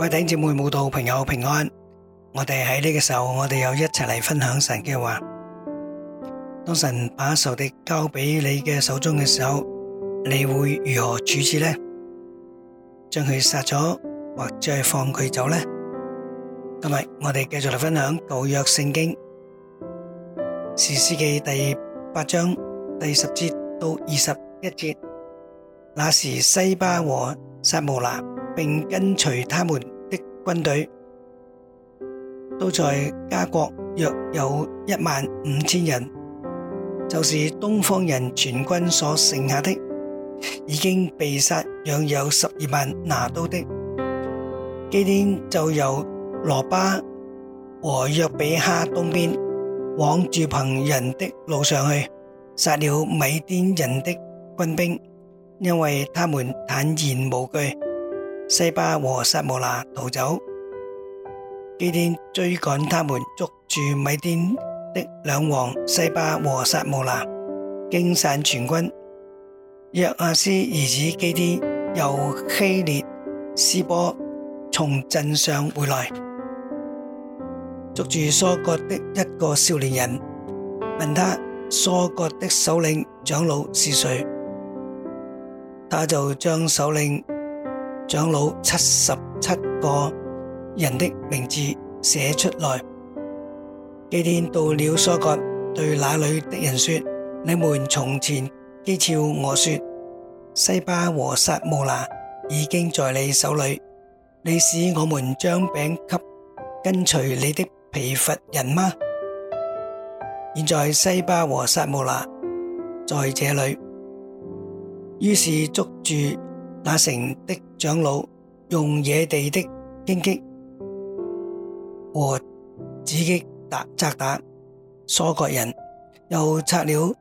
各位弟兄姊妹、慕道朋友平安，我哋喺呢個時候，我哋又一齊嚟分享神嘅話。當神把仇敵交俾你嘅手中嘅時候，你會如何處置呢？將佢殺咗，或者係放佢走呢？今日我哋繼續嚟分享舊約聖經，士師記第八章第十節到二十一節。那時西巴和撒慕拿並跟隨他們。軍隊都在加國，約有一萬五千人，就是東方人全軍所剩下的，已經被殺，養有十二萬拿刀的。基甸就由羅巴和約比哈東邊往住朋人的路上去，殺了米甸人的軍兵，因為他們坦然無懼。西巴和撒慕拿逃走，基甸追趕他們，捉住米甸的兩王西巴和撒慕拿，驚散全軍。約阿施兒子基甸由希列斯坡從陣上回來，捉住疏割的一個少年人，問他疏割的首領長老是誰，他就將首領。長老七十七個人的名字寫出來。基甸到了疏割，對那裡的人說：你們從前譏誚我說西巴和撒慕拿已經在你手裡，你使我們將餅給跟隨你的疲乏人嗎？現在西巴和撒慕拿在這裡，於是捉住。那城的長老用野地的荊棘和枳棘打砸打疏割人，又拆了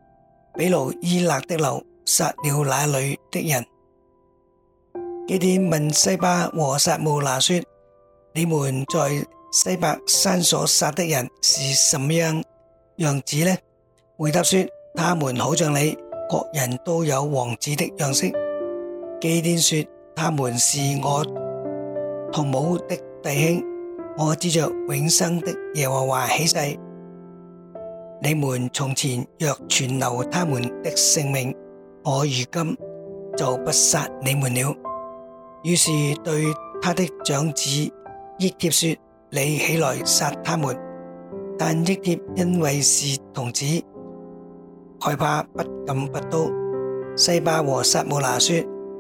比魯伊勒的樓，殺了那裏的人。基甸問西巴和撒母拿說：你們在西巴山所殺的人是什麼樣樣子呢？回答說：他們好像你各人都有王子的樣式。基甸說：他們是我同母的弟兄，我指着永生的耶和華起誓，你們從前若存留他們的性命，我如今就不殺你們了。於是對他的長子益帖說：你起來殺他們。但益帖因為是童子，害怕，不敢拔刀。西巴和撒慕拿說。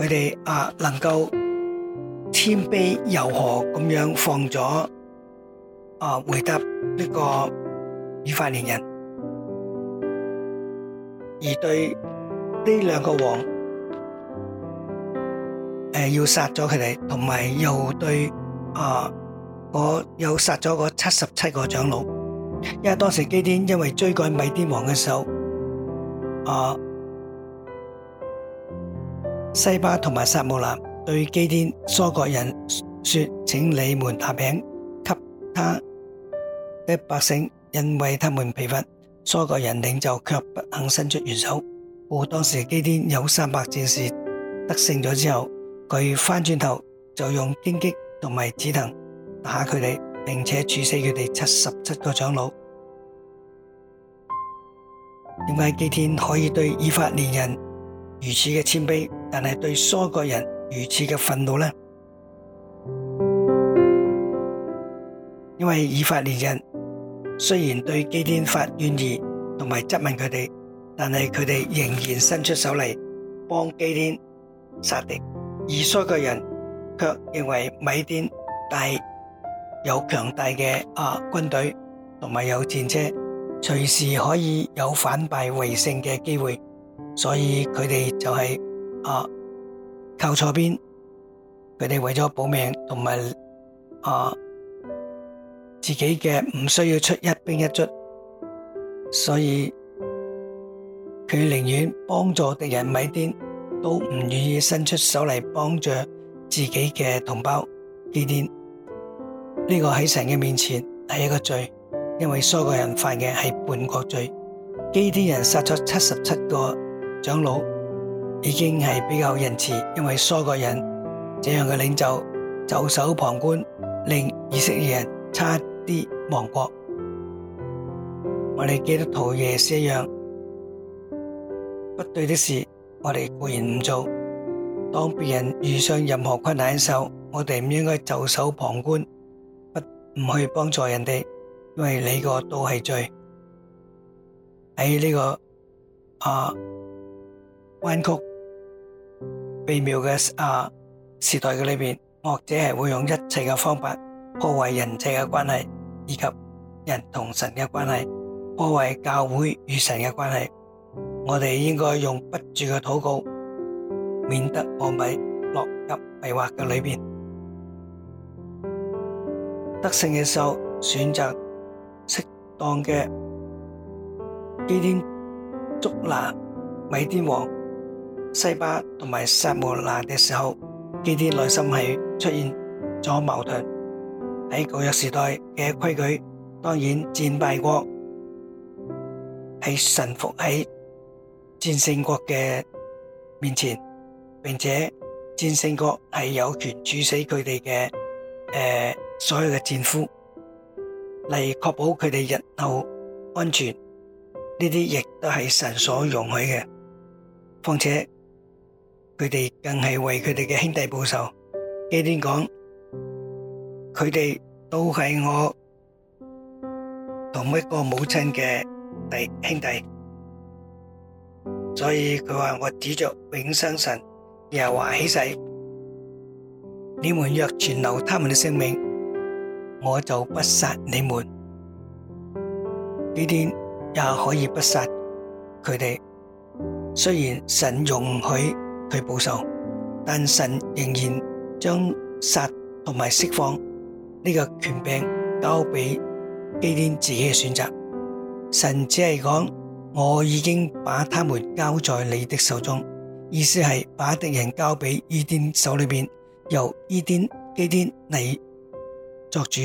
佢哋啊，能夠謙卑柔和咁樣放咗，啊、回答呢個以法蓮人，而對呢兩個王，啊、要殺咗佢哋，同埋又對啊，我又殺咗嗰七十七個長老，因為當時基甸因為追趕米甸王嘅時候啊。西巴同埋撒姆南對基天蘇國人說：請你們拿餅給他的百姓，因為他們疲乏。蘇國人領袖卻不肯伸出援手。故、哦、當時基天有三百戰士得勝咗之後，佢翻轉頭就用荊棘同埋紫藤打佢哋，並且處死佢哋七十七個長老。點解基天可以對以法蓮人如此嘅謙卑？但係對蘇國人如此嘅憤怒呢，因為以法蓮人雖然對基甸發怨言同埋質問佢哋，但係佢哋仍然伸出手嚟幫基甸殺敵。而蘇國人卻認為米甸大有強大嘅啊軍隊同埋有戰車，隨時可以有反敗為勝嘅機會，所以佢哋就係。啊！靠錯邊，佢哋為咗保命同埋啊自己嘅唔需要出一兵一卒，所以佢寧願幫助敵人米甸都唔願意伸出手嚟幫著自己嘅同胞基甸呢，這個喺神嘅面前係一個罪，因為疏割人犯嘅係叛國罪，基甸人殺咗七十七個長老。已經係比較仁慈，因為衰個人這樣嘅領袖袖手旁觀，令以色列人差啲亡國。我哋記得徒耶穌一樣，不對的事我哋固然唔做。當別人遇上任何困難的時候，我哋唔應該袖手旁觀，不唔去幫助人哋，因為你個都係罪喺，這、呢個啊彎曲，微妙嘅啊時代嘅裏邊，或者係會用一切嘅方法破壞人際嘅關係，以及人同神嘅關係，破壞教會與神嘅關係。我哋應該用不住嘅禱告，免得我哋落入迷惑嘅裏邊。得勝嘅時候，選擇適當嘅基甸捉拿米甸王。西巴同埋撒摩拿嘅時候，佢哋內心係出現咗矛盾。喺舊約時代嘅規矩，當然戰敗國係臣服喺戰勝國嘅面前，並且戰勝國係有權處死佢哋嘅誒，所有嘅戰俘，嚟確保佢哋日後安全。呢啲亦都係神所容許嘅，況且。佢哋更係為佢哋嘅兄弟報仇。呢段講，佢哋都係我同一個母親嘅弟兄弟，所以佢話我指着永生神，又話起誓，你們若存留他們嘅性命，我就不殺你們。呢段也可以不殺佢哋，雖然神容許。佢報仇，但神仍然將殺同埋釋放呢個權柄交俾基甸自己嘅選擇。神只係講，我已經把他們交在你的手中，意思係把敵人交俾基甸手裏邊，由基甸，基甸你作主。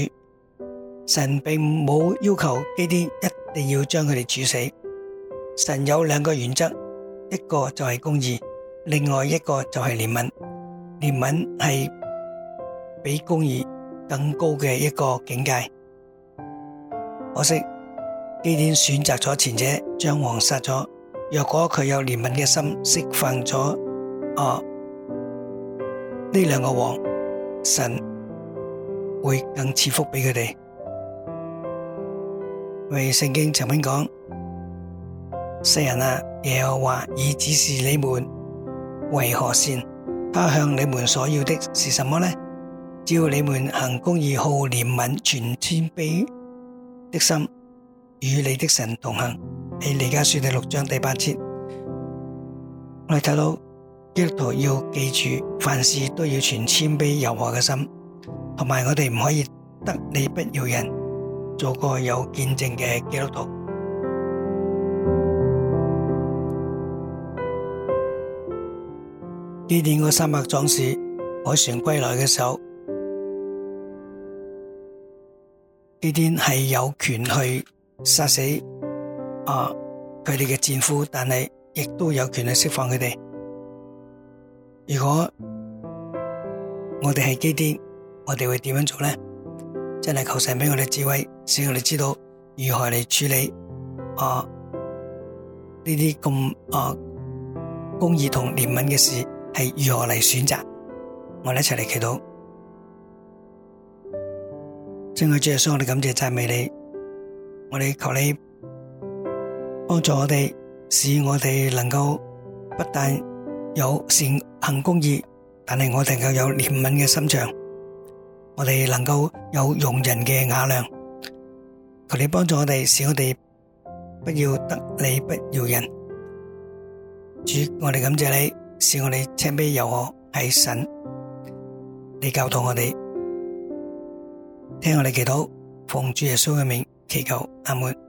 神並冇要求基甸一定要將佢哋處死。神有兩個原則，一個就係公義。另外一個就係憐憫，憐憫係比公義更高嘅一個境界。可惜基甸選擇咗前者，將王殺咗。若果佢有憐憫嘅心，釋放咗，哦，呢兩個王，神會更賜福俾佢哋。為聖經曾經講，世人啊，耶和華已指示你們。為何善？他向你們所要的是什麼呢？只要你們行公義、好憐憫、存謙卑的心，與你的神同行。喺彌迦書第六章第八節，我哋睇到基督徒要記住凡事都要存謙卑柔和嘅心，同埋我哋唔可以得理不饒人，做個有見證嘅基督徒。基甸嗰三百壯士凱旋歸來嘅時候，基甸係有權去殺死啊佢哋嘅戰俘，但係亦都有權去釋放佢哋。如果我哋係基甸，我哋會點樣做呢？真係求神俾我哋智慧，使我哋知道如何嚟處理啊呢啲咁啊公義同憐憫嘅事。係如何嚟選擇？我哋一齊嚟祈禱。親愛的主耶穌，我哋感謝讚美你，我哋求你幫助我哋，使我哋能夠不但有善行公義，但係我哋能夠有憐憫嘅心腸，我哋能夠有容人嘅雅量。求你幫助我哋，使我哋不要得理不饒人。主，我哋感謝你。是我哋青啤游我，係神，你教導我哋，聽我哋祈禱，奉主耶穌嘅名祈求阿，阿門。